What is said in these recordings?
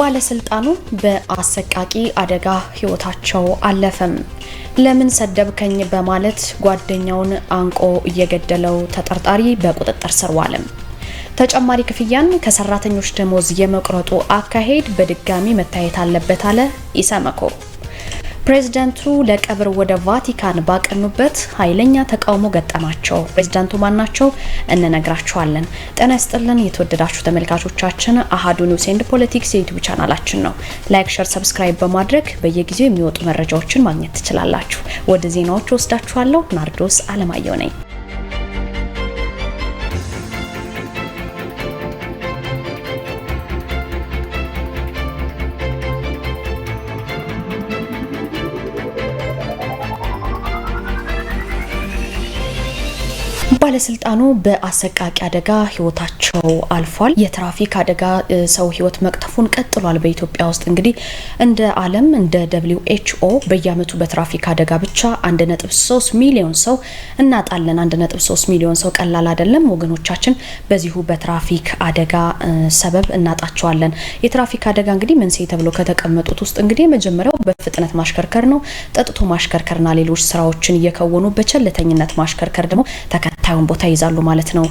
ባለስልጣኑ በአሰቃቂ አደጋ ህይወታቸው አለፈም። ለምን ሰደብከኝ በማለት ጓደኛውን አንቆ እየገደለው ተጠርጣሪ በቁጥጥር ስር ዋለም። ተጨማሪ ክፍያን ከሰራተኞች ደሞዝ የመቁረጡ አካሄድ በድጋሚ መታየት አለበት አለ ኢሰመኮ። ፕሬዝደንቱ ለቀብር ወደ ቫቲካን ባቀኑበት ኃይለኛ ተቃውሞ ገጠማቸው። ፕሬዝደንቱ ማናቸው እንነግራችኋለን። ጤና ይስጥልን የተወደዳችሁ ተመልካቾቻችን፣ አሀዱ ኒውስ ኤንድ ፖለቲክስ የዩቲዩብ ቻናላችን ነው። ላይክ፣ ሸር፣ ሰብስክራይብ በማድረግ በየጊዜው የሚወጡ መረጃዎችን ማግኘት ትችላላችሁ። ወደ ዜናዎች ወስዳችኋለሁ። ናርዶስ አለማየሁ ነኝ። ባለስልጣኑ በአሰቃቂ አደጋ ህይወታቸው አልፏል። የትራፊክ አደጋ ሰው ህይወት መቅጠፉን ቀጥሏል። በኢትዮጵያ ውስጥ እንግዲህ እንደ ዓለም እንደ ደብሊው ኤችኦ በየአመቱ በትራፊክ አደጋ ብቻ 1.3 ሚሊዮን ሰው እናጣለን። 1.3 ሚሊዮን ሰው ቀላል አይደለም ወገኖቻችን፣ በዚሁ በትራፊክ አደጋ ሰበብ እናጣቸዋለን። የትራፊክ አደጋ እንግዲህ መንስኤ ተብሎ ከተቀመጡት ውስጥ እንግዲህ የመጀመሪያው በፍጥነት ማሽከርከር ነው። ጠጥቶ ማሽከርከርና ሌሎች ስራዎችን እየከወኑ በቸለተኝነት ማሽከርከር ደግሞ ተከ ተከታዩን ቦታ ይዛሉ ማለት ነው።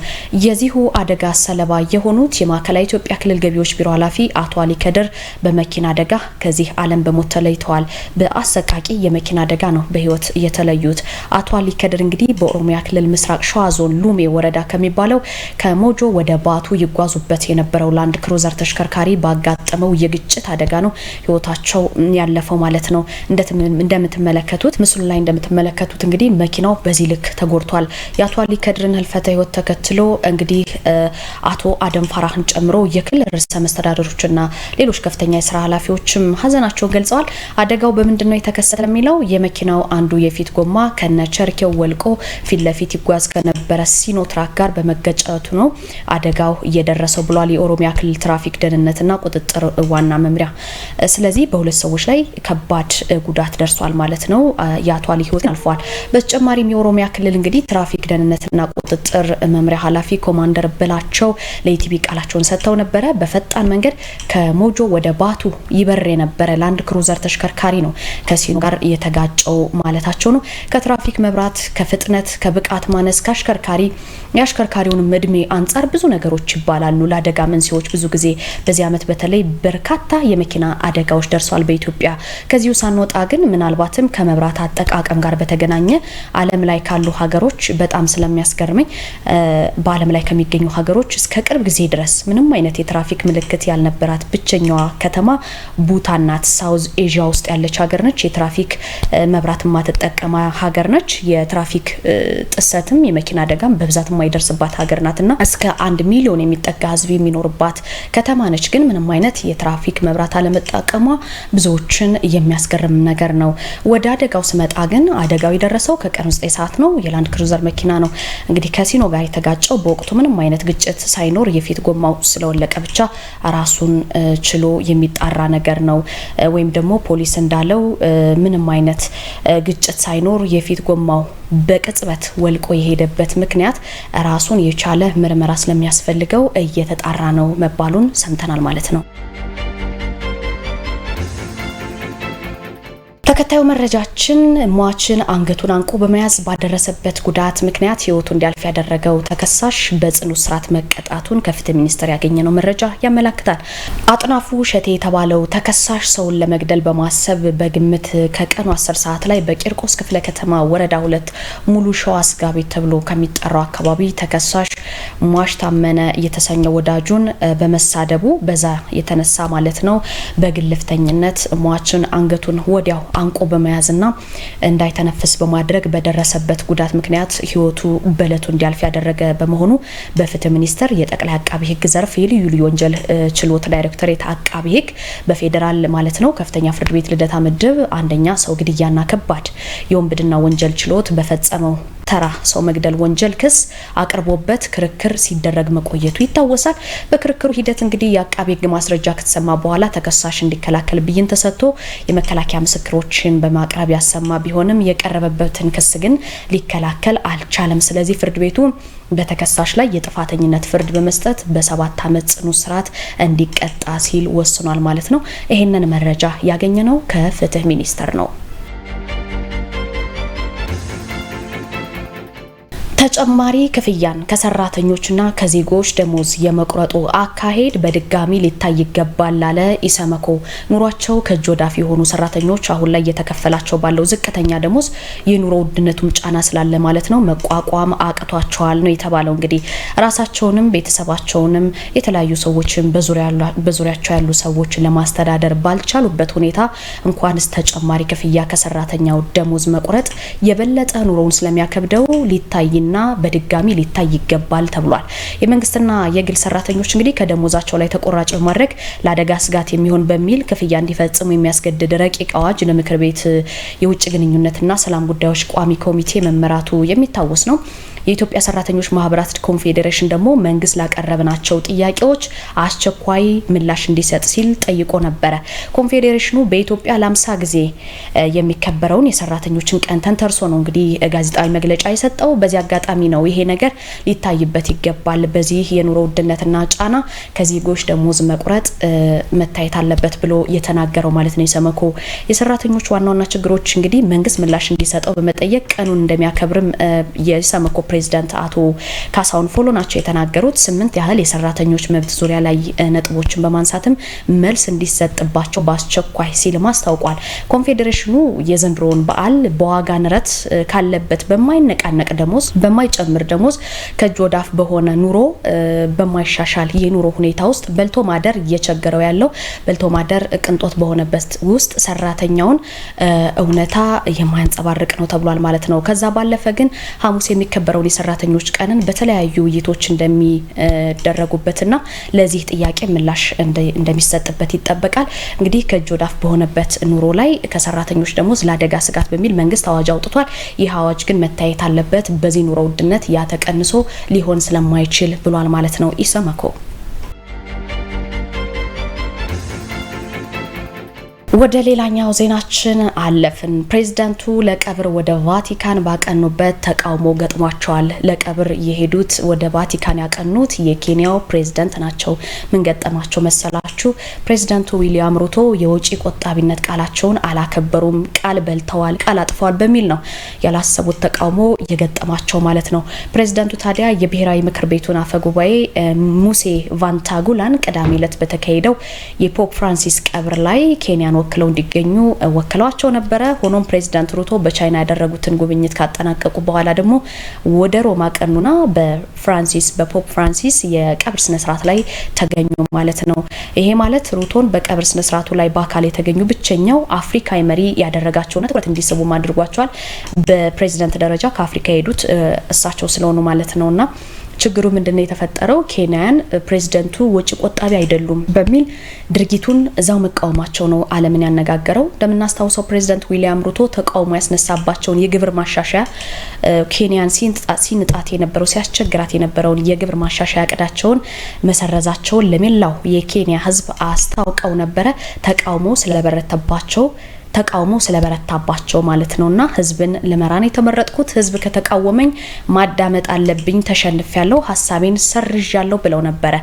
የዚሁ አደጋ ሰለባ የሆኑት የማዕከላዊ ኢትዮጵያ ክልል ገቢዎች ቢሮ ኃላፊ አቶ አሊ ከድር በመኪና አደጋ ከዚህ ዓለም በሞት ተለይተዋል። በአሰቃቂ የመኪና አደጋ ነው በህይወት የተለዩት። አቶ አሊ ከድር እንግዲህ በኦሮሚያ ክልል ምስራቅ ሸዋ ዞን ሉሜ ወረዳ ከሚባለው ከሞጆ ወደ ባቱ ይጓዙበት የነበረው ላንድ ክሩዘር ተሽከርካሪ ባጋጠመው የግጭት አደጋ ነው ህይወታቸው ያለፈው ማለት ነው። እንደምትመለከቱት ምስሉ ላይ እንደምትመለከቱት እንግዲህ መኪናው በዚህ ልክ ተጎድቷል። የአቶ አሊ የከድርን ህልፈተ ህይወት ተከትሎ እንግዲህ አቶ አደም ፋራህን ጨምሮ የክልል ርዕሰ መስተዳደሮችና ሌሎች ከፍተኛ የስራ ኃላፊዎችም ሀዘናቸውን ገልጸዋል። አደጋው በምንድን ነው የተከሰተ የሚለው የመኪናው አንዱ የፊት ጎማ ከነ ቸርኬው ወልቆ ፊት ለፊት ይጓዝ ከነበረ ሲኖትራክ ጋር በመገጨቱ ነው አደጋው እየደረሰው ብሏል የኦሮሚያ ክልል ትራፊክ ደህንነትና ቁጥጥር ዋና መምሪያ። ስለዚህ በሁለት ሰዎች ላይ ከባድ ጉዳት ደርሷል ማለት ነው። የአቶ አሊ ህይወት አልፏል። በተጨማሪም የኦሮሚያ ክልል እንግዲህ ትራፊክ ደህንነት ክትትልና ቁጥጥር መምሪያ ኃላፊ ኮማንደር ብላቸው ለኢቲቪ ቃላቸውን ሰጥተው ነበረ። በፈጣን መንገድ ከሞጆ ወደ ባቱ ይበር የነበረ ላንድ ክሩዘር ተሽከርካሪ ነው ከሲኖ ጋር የተጋጨው ማለታቸው ነው። ከትራፊክ መብራት፣ ከፍጥነት፣ ከብቃት ማነስ፣ ከአሽከርካሪ የአሽከርካሪውንም እድሜ አንጻር ብዙ ነገሮች ይባላሉ። ለአደጋ መንስኤዎች ብዙ ጊዜ በዚህ ዓመት በተለይ በርካታ የመኪና አደጋዎች ደርሷል በኢትዮጵያ። ከዚሁ ሳንወጣ ግን ምናልባትም ከመብራት አጠቃቀም ጋር በተገናኘ አለም ላይ ካሉ ሀገሮች በጣም ስለሚያ የሚያስገርመኝ በዓለም ላይ ከሚገኙ ሀገሮች እስከ ቅርብ ጊዜ ድረስ ምንም አይነት የትራፊክ ምልክት ያልነበራት ብቸኛዋ ከተማ ቡታን ናት። ሳውዝ ኤዥያ ውስጥ ያለች ሀገር ነች። የትራፊክ መብራት የማትጠቀማ ሀገር ነች። የትራፊክ ጥሰትም የመኪና አደጋም በብዛት የማይደርስባት ሀገር ናት እና እስከ አንድ ሚሊዮን የሚጠጋ ህዝብ የሚኖርባት ከተማ ነች። ግን ምንም አይነት የትራፊክ መብራት አለመጠቀሟ ብዙዎችን የሚያስገርም ነገር ነው። ወደ አደጋው ስመጣ ግን አደጋው የደረሰው ከቀኑ 9 ሰዓት ነው። የላንድ ክሩዘር መኪና ነው። እንግዲህ ከሲኖ ጋር የተጋጨው በወቅቱ ምንም አይነት ግጭት ሳይኖር የፊት ጎማው ስለወለቀ ብቻ ራሱን ችሎ የሚጣራ ነገር ነው ወይም ደግሞ ፖሊስ እንዳለው ምንም አይነት ግጭት ሳይኖር የፊት ጎማው በቅጽበት ወልቆ የሄደበት ምክንያት ራሱን የቻለ ምርመራ ስለሚያስፈልገው እየተጣራ ነው መባሉን ሰምተናል ማለት ነው። ተከታዩ መረጃችን ሟችን አንገቱን አንቆ በመያዝ ባደረሰበት ጉዳት ምክንያት ህይወቱ እንዲያልፍ ያደረገው ተከሳሽ በጽኑ እስራት መቀጣቱን ከፍትህ ሚኒስቴር ያገኘነው መረጃ ያመላክታል። አጥናፉ ሸቴ የተባለው ተከሳሽ ሰውን ለመግደል በማሰብ በግምት ከቀኑ 10 ሰዓት ላይ በቂርቆስ ክፍለ ከተማ ወረዳ ሁለት ሙሉ ሸዋ አስጋቢ ተብሎ ከሚጠራው አካባቢ ተከሳሽ ሟሽ ታመነ የተሰኘ ወዳጁን በመሳደቡ በዛ የተነሳ ማለት ነው በግልፍተኝነት ሟችን አንገቱን ወዲያው አንቆ በመያዝና እንዳይተነፍስ በማድረግ በደረሰበት ጉዳት ምክንያት ህይወቱ በእለቱ እንዲያልፍ ያደረገ በመሆኑ በፍትህ ሚኒስቴር የጠቅላይ አቃቢ ህግ ዘርፍ የልዩ ልዩ ወንጀል ችሎት ዳይሬክቶሬት አቃቢ ህግ በፌዴራል ማለት ነው ከፍተኛ ፍርድ ቤት ልደታ ምድብ አንደኛ ሰው ግድያና ከባድ የወንብድና ወንጀል ችሎት በፈጸመው ተራ ሰው መግደል ወንጀል ክስ አቅርቦበት ክርክር ሲደረግ መቆየቱ ይታወሳል። በክርክሩ ሂደት እንግዲህ የአቃቤ ሕግ ማስረጃ ከተሰማ በኋላ ተከሳሽ እንዲከላከል ብይን ተሰጥቶ የመከላከያ ምስክሮችን በማቅረብ ያሰማ ቢሆንም የቀረበበትን ክስ ግን ሊከላከል አልቻለም። ስለዚህ ፍርድ ቤቱ በተከሳሽ ላይ የጥፋተኝነት ፍርድ በመስጠት በሰባት ዓመት ጽኑ እስራት እንዲቀጣ ሲል ወስኗል ማለት ነው። ይህንን መረጃ ያገኘ ነው ከፍትህ ሚኒስቴር ነው። ተጨማሪ ክፍያን ከሰራተኞችና ከዜጎች ደሞዝ የመቁረጡ አካሄድ በድጋሚ ሊታይ ይገባል ላለ ኢሰመኮ። ኑሯቸው ከእጅ ወዳፍ የሆኑ ሰራተኞች አሁን ላይ እየተከፈላቸው ባለው ዝቅተኛ ደሞዝ የኑሮ ውድነቱም ጫና ስላለ ማለት ነው መቋቋም አቅቷቸዋል ነው የተባለው። እንግዲህ ራሳቸውንም ቤተሰባቸውንም የተለያዩ ሰዎችን በዙሪያቸው ያሉ ሰዎች ለማስተዳደር ባልቻሉበት ሁኔታ እንኳንስ ተጨማሪ ክፍያ ከሰራተኛው ደሞዝ መቁረጥ የበለጠ ኑሮውን ስለሚያከብደው ሊታይና እና በድጋሚ ሊታይ ይገባል ተብሏል። የመንግስትና የግል ሰራተኞች እንግዲህ ከደሞዛቸው ላይ ተቆራጭ በማድረግ ለአደጋ ስጋት የሚሆን በሚል ክፍያ እንዲፈጽሙ የሚያስገድድ ረቂቅ አዋጅ ለምክር ቤት የውጭ ግንኙነትና ሰላም ጉዳዮች ቋሚ ኮሚቴ መመራቱ የሚታወስ ነው። የኢትዮጵያ ሰራተኞች ማህበራት ኮንፌዴሬሽን ደግሞ መንግስት ላቀረብናቸው ጥያቄዎች አስቸኳይ ምላሽ እንዲሰጥ ሲል ጠይቆ ነበረ። ኮንፌዴሬሽኑ በኢትዮጵያ ለአምሳ ጊዜ የሚከበረውን የሰራተኞችን ቀን ተንተርሶ ነው እንግዲህ ጋዜጣዊ መግለጫ የሰጠው። በዚህ አጋጣሚ ነው ይሄ ነገር ሊታይበት ይገባል። በዚህ የኑሮ ውድነትና ጫና ከዜጎች ደሞዝ መቁረጥ መታየት አለበት ብሎ የተናገረው ማለት ነው። የሰመኮ የሰራተኞች ዋና ዋና ችግሮች እንግዲህ መንግስት ምላሽ እንዲሰጠው በመጠየቅ ቀኑን እንደሚያከብርም የሰመኮ ፕሬዚዳንት አቶ ካሳሁን ፎሎ ናቸው የተናገሩት። ስምንት ያህል የሰራተኞች መብት ዙሪያ ላይ ነጥቦችን በማንሳትም መልስ እንዲሰጥባቸው በአስቸኳይ ሲልም አስታውቋል። ኮንፌዴሬሽኑ የዘንድሮውን በዓል በዋጋ ንረት ካለበት በማይነቃነቅ ደሞዝ፣ በማይጨምር ደሞዝ፣ ከእጅ ወዳፍ በሆነ ኑሮ፣ በማይሻሻል የኑሮ ሁኔታ ውስጥ በልቶ ማደር እየቸገረው ያለው በልቶ ማደር ቅንጦት በሆነበት ውስጥ ሰራተኛውን እውነታ የማያንጸባርቅ ነው ተብሏል ማለት ነው። ከዛ ባለፈ ግን ሐሙስ የሚከበረው የአካባቢ ሰራተኞች ቀንን በተለያዩ ውይይቶች እንደሚደረጉበትና ለዚህ ጥያቄ ምላሽ እንደሚሰጥበት ይጠበቃል። እንግዲህ ከእጅ ወዳፍ በሆነበት ኑሮ ላይ ከሰራተኞች ደግሞ ለአደጋ ስጋት በሚል መንግስት አዋጅ አውጥቷል። ይህ አዋጅ ግን መታየት አለበት። በዚህ ኑሮ ውድነት ያተቀንሶ ሊሆን ስለማይችል ብሏል ማለት ነው ኢሰመኮ። ወደ ሌላኛው ዜናችን አለፍን። ፕሬዝዳንቱ ለቀብር ወደ ቫቲካን ባቀኑበት ተቃውሞ ገጥሟቸዋል። ለቀብር የሄዱት ወደ ቫቲካን ያቀኑት የኬንያው ፕሬዝደንት ናቸው። ምን ገጠማቸው መሰላችሁ? ፕሬዝደንቱ ዊሊያም ሩቶ የውጭ ቆጣቢነት ቃላቸውን አላከበሩም፣ ቃል በልተዋል፣ ቃል አጥፈዋል በሚል ነው ያላሰቡት ተቃውሞ የገጠማቸው ማለት ነው። ፕሬዝደንቱ ታዲያ የብሔራዊ ምክር ቤቱን አፈ ጉባኤ ሙሴ ቫንታጉላን ቅዳሜ ዕለት በተካሄደው የፖፕ ፍራንሲስ ቀብር ላይ ኬንያን ወክለው እንዲገኙ ወክለዋቸው ነበረ። ሆኖም ፕሬዚዳንት ሩቶ በቻይና ያደረጉትን ጉብኝት ካጠናቀቁ በኋላ ደግሞ ወደ ሮማ ቀኑና በፍራንሲስ በፖፕ ፍራንሲስ የቀብር ስነስርዓት ላይ ተገኙ ማለት ነው። ይሄ ማለት ሩቶን በቀብር ስነስርዓቱ ላይ በአካል የተገኙ ብቸኛው አፍሪካዊ መሪ ያደረጋቸውና ትኩረት እንዲስቡም አድርጓቸዋል። በፕሬዚዳንት ደረጃ ከአፍሪካ የሄዱት እሳቸው ስለሆኑ ማለት ነውና ችግሩ ምንድነው የተፈጠረው? ኬንያን ፕሬዚደንቱ ወጪ ቆጣቢ አይደሉም በሚል ድርጊቱን እዛው መቃወማቸው ነው ዓለምን ያነጋገረው። እንደምናስታውሰው ፕሬዚደንት ዊሊያም ሩቶ ተቃውሞ ያስነሳባቸውን የግብር ማሻሻያ ኬንያን ሲንጣት የነበረው ሲያስቸግራት የነበረውን የግብር ማሻሻያ እቅዳቸውን መሰረዛቸውን ለሜላው የኬንያ ሕዝብ አስታውቀው ነበረ። ተቃውሞ ስለበረተባቸው ተቃውሞ ስለበረታባቸው ማለት እና ህዝብን ልመራን የተመረጥኩት ህዝብ ከተቃወመኝ ማዳመጥ አለብኝ። ተሸንፍ ያለው ሀሳቤን ያለው ብለው ነበረ።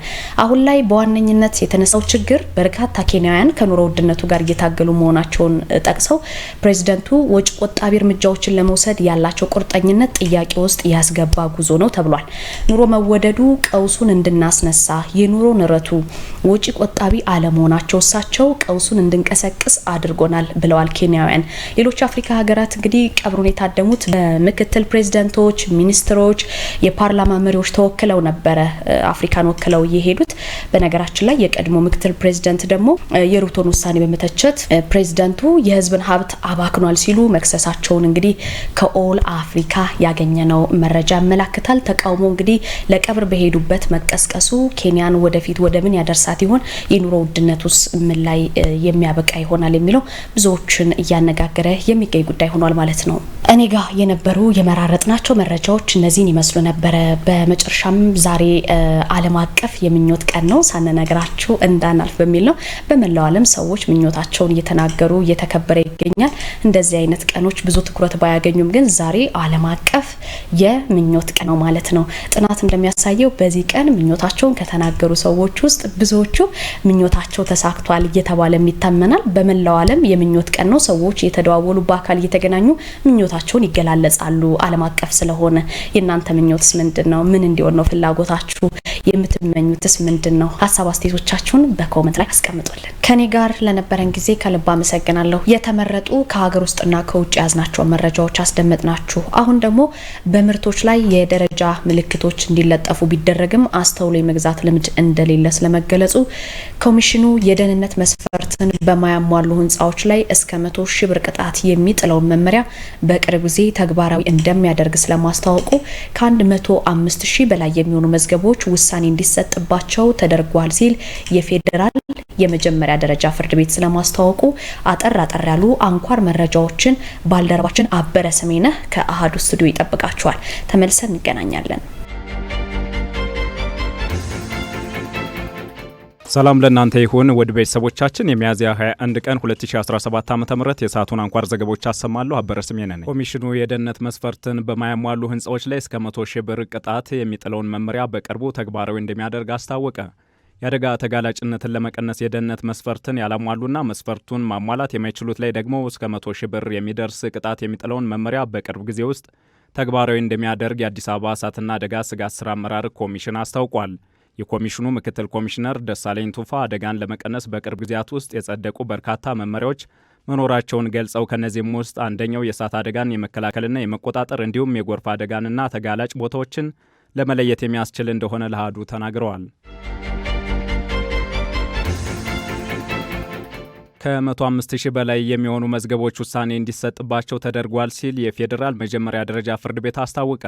አሁን ላይ በዋነኝነት የተነሳው ችግር በርካታ ኬንያውያን ከኑሮ ውድነቱ ጋር እየታገሉ መሆናቸውን ጠቅሰው ፕሬዚደንቱ ወጪ ቆጣቢ እርምጃዎችን ለመውሰድ ያላቸው ቁርጠኝነት ጥያቄ ውስጥ ያስገባ ጉዞ ነው ተብሏል። ኑሮ መወደዱ ቀውሱን እንድናስነሳ የኑሮ ንረቱ ወጪ ቆጣቢ አለመሆናቸው እሳቸው ቀውሱን እንድንቀሰቅስ አድርጎናል ብለዋል። ብለዋል ኬንያውያን። ሌሎች አፍሪካ ሀገራት እንግዲህ ቀብሩን የታደሙት ምክትል ፕሬዚደንቶች፣ ሚኒስትሮች፣ የፓርላማ መሪዎች ተወክለው ነበረ አፍሪካን ወክለው የሄዱት። በነገራችን ላይ የቀድሞ ምክትል ፕሬዚደንት ደግሞ የሩቶን ውሳኔ በመተቸት ፕሬዚደንቱ የህዝብን ሀብት አባክኗል ሲሉ መክሰሳቸውን እንግዲህ ከኦል አፍሪካ ያገኘነው መረጃ ያመላክታል። ተቃውሞ እንግዲህ ለቀብር በሄዱበት መቀስቀሱ ኬንያን ወደፊት ወደ ምን ያደርሳት ይሆን? የኑሮ ውድነት ውስጥ ምን ላይ የሚያበቃ ይሆናል የሚለው ብዙዎቹ ብዙዎችን እያነጋገረ የሚገኝ ጉዳይ ሆኗል ማለት ነው። እኔ ጋ የነበሩ የመራረጥናቸው መረጃዎች እነዚህን ይመስሉ ነበረ። በመጨረሻም ዛሬ ዓለም አቀፍ የምኞት ቀን ነው፣ ሳንነግራችሁ እንዳናልፍ በሚል ነው። በመላው ዓለም ሰዎች ምኞታቸውን እየተናገሩ እየተከበረ ይገኛል። እንደዚህ አይነት ቀኖች ብዙ ትኩረት ባያገኙም ግን ዛሬ ዓለም አቀፍ የምኞት ቀን ነው ማለት ነው። ጥናት እንደሚያሳየው በዚህ ቀን ምኞታቸውን ከተናገሩ ሰዎች ውስጥ ብዙዎቹ ምኞታቸው ተሳክቷል እየተባለም ይታመናል። በመላው ዓለም የምኞት ቀን ነው። ሰዎች እየተደዋወሉ በአካል እየተገናኙ ምኞታ መሆናቸውን ይገላለጻሉ። ዓለም አቀፍ ስለሆነ የእናንተ ምኞትስ ምንድን ነው? ምን እንዲሆን ነው ፍላጎታችሁ? የምትመኙትስ ምንድን ነው? ሀሳብ አስተያየቶቻችሁን በኮመንት ላይ አስቀምጡልን። ከኔ ጋር ለነበረን ጊዜ ከልብ አመሰግናለሁ። የተመረጡ ከሀገር ውስጥና ከውጭ የያዝናቸው መረጃዎች አስደመጥናችሁ። አሁን ደግሞ በምርቶች ላይ የደረጃ ምልክቶች እንዲለጠፉ ቢደረግም አስተውሎ የመግዛት ልምድ እንደሌለ ስለመገለጹ ኮሚሽኑ የደህንነት መስፈርትን በማያሟሉ ህንፃዎች ላይ እስከ መቶ ሺህ ብር ቅጣት የሚጥለውን መመሪያ በቅርብ ጊዜ ተግባራዊ እንደሚያደርግ ስለማስታወቁ ከ መቶ አምስት ሺህ በላይ የሚሆኑ መዝገቦች ውሳ ውሳኔ እንዲሰጥባቸው ተደርጓል ሲል የፌዴራል የመጀመሪያ ደረጃ ፍርድ ቤት ስለማስታወቁ አጠር አጠር ያሉ አንኳር መረጃዎችን ባልደረባችን አበረ ሰሜነህ ከአሃዱ ስቱዲዮ ይጠብቃቸዋል ተመልሰን እንገናኛለን። ሰላም ለእናንተ ይሁን ውድ ቤተሰቦቻችን፣ የሚያዝያ 21 ቀን 2017 ዓ ም የሰዓቱን አንኳር ዘገቦች አሰማለሁ። አበረ ስሜ ነኝ። ኮሚሽኑ የደህንነት መስፈርትን በማያሟሉ ህንፃዎች ላይ እስከ መቶ ሺህ ብር ቅጣት የሚጥለውን መመሪያ በቅርቡ ተግባራዊ እንደሚያደርግ አስታወቀ። የአደጋ ተጋላጭነትን ለመቀነስ የደህንነት መስፈርትን ያላሟሉና መስፈርቱን ማሟላት የማይችሉት ላይ ደግሞ እስከ 100 ሺህ ብር የሚደርስ ቅጣት የሚጥለውን መመሪያ በቅርብ ጊዜ ውስጥ ተግባራዊ እንደሚያደርግ የአዲስ አበባ እሳትና አደጋ ስጋት ስራ አመራር ኮሚሽን አስታውቋል። የኮሚሽኑ ምክትል ኮሚሽነር ደሳለኝ ቱፋ አደጋን ለመቀነስ በቅርብ ጊዜያት ውስጥ የጸደቁ በርካታ መመሪያዎች መኖራቸውን ገልጸው ከእነዚህም ውስጥ አንደኛው የእሳት አደጋን የመከላከልና የመቆጣጠር እንዲሁም የጎርፍ አደጋንና ተጋላጭ ቦታዎችን ለመለየት የሚያስችል እንደሆነ ለአሃዱ ተናግረዋል። ከ105 ሺህ በላይ የሚሆኑ መዝገቦች ውሳኔ እንዲሰጥባቸው ተደርጓል ሲል የፌዴራል መጀመሪያ ደረጃ ፍርድ ቤት አስታወቀ።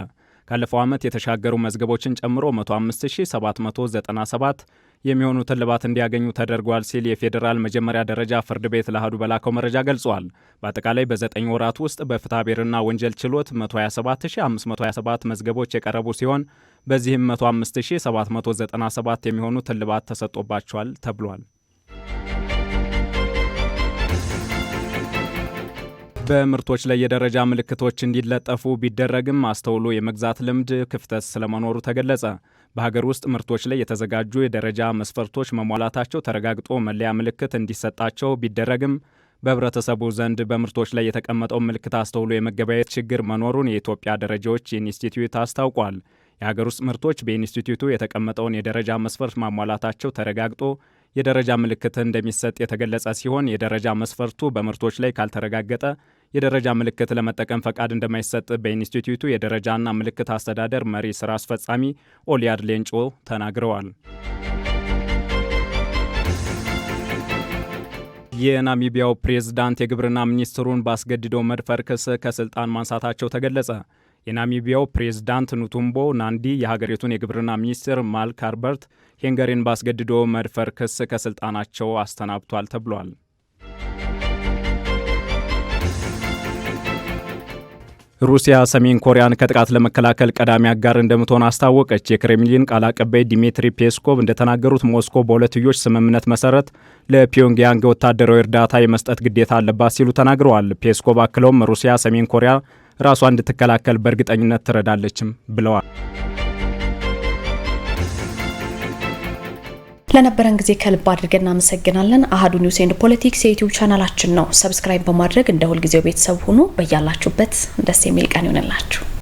ካለፈው ዓመት የተሻገሩ መዝገቦችን ጨምሮ 15797 የሚሆኑ ልባት እንዲያገኙ ተደርጓል ሲል የፌዴራል መጀመሪያ ደረጃ ፍርድ ቤት ለአህዱ በላከው መረጃ ገልጿል። በአጠቃላይ በዘጠኝ ወራት ውስጥ በፍትሐብሔርና ወንጀል ችሎት 127527 መዝገቦች የቀረቡ ሲሆን በዚህም 15797 የሚሆኑ ልባት ተሰጥቶባቸዋል ተብሏል። በምርቶች ላይ የደረጃ ምልክቶች እንዲለጠፉ ቢደረግም አስተውሎ የመግዛት ልምድ ክፍተት ስለመኖሩ ተገለጸ። በሀገር ውስጥ ምርቶች ላይ የተዘጋጁ የደረጃ መስፈርቶች መሟላታቸው ተረጋግጦ መለያ ምልክት እንዲሰጣቸው ቢደረግም በህብረተሰቡ ዘንድ በምርቶች ላይ የተቀመጠውን ምልክት አስተውሎ የመገበያየት ችግር መኖሩን የኢትዮጵያ ደረጃዎች ኢንስቲትዩት አስታውቋል። የሀገር ውስጥ ምርቶች በኢንስቲትዩቱ የተቀመጠውን የደረጃ መስፈርት ማሟላታቸው ተረጋግጦ የደረጃ ምልክት እንደሚሰጥ የተገለጸ ሲሆን የደረጃ መስፈርቱ በምርቶች ላይ ካልተረጋገጠ የደረጃ ምልክት ለመጠቀም ፈቃድ እንደማይሰጥ በኢንስቲትዩቱ የደረጃና ምልክት አስተዳደር መሪ ስራ አስፈጻሚ ኦሊያድ ሌንጮ ተናግረዋል። የናሚቢያው ፕሬዝዳንት የግብርና ሚኒስትሩን በአስገድዶ መድፈር ክስ ከስልጣን ማንሳታቸው ተገለጸ። የናሚቢያው ፕሬዝዳንት ኑቱምቦ ናንዲ የሀገሪቱን የግብርና ሚኒስትር ማልክ አርበርት ሄንገሪን ባስገድዶ መድፈር ክስ ከስልጣናቸው አስተናብቷል ተብሏል። ሩሲያ ሰሜን ኮሪያን ከጥቃት ለመከላከል ቀዳሚ አጋር እንደምትሆን አስታወቀች። የክሬምሊን ቃል አቀባይ ዲሚትሪ ፔስኮቭ እንደተናገሩት ሞስኮ በሁለትዮሽ ስምምነት መሰረት ለፒዮንግያንግ ወታደራዊ እርዳታ የመስጠት ግዴታ አለባት ሲሉ ተናግረዋል። ፔስኮቭ አክለውም ሩሲያ ሰሜን ኮሪያ ራሷ እንድትከላከል በእርግጠኝነት ትረዳለችም ብለዋል። ለነበረን ጊዜ ከልብ አድርገን እናመሰግናለን። አህዱ ኒውስ ኤንድ ፖለቲክስ የዩቲዩብ ቻናላችን ነው። ሰብስክራይብ በማድረግ እንደ ሁልጊዜው ቤተሰብ ሁኑ። በያላችሁበት ደስ የሚል ቀን ይሆንላችሁ።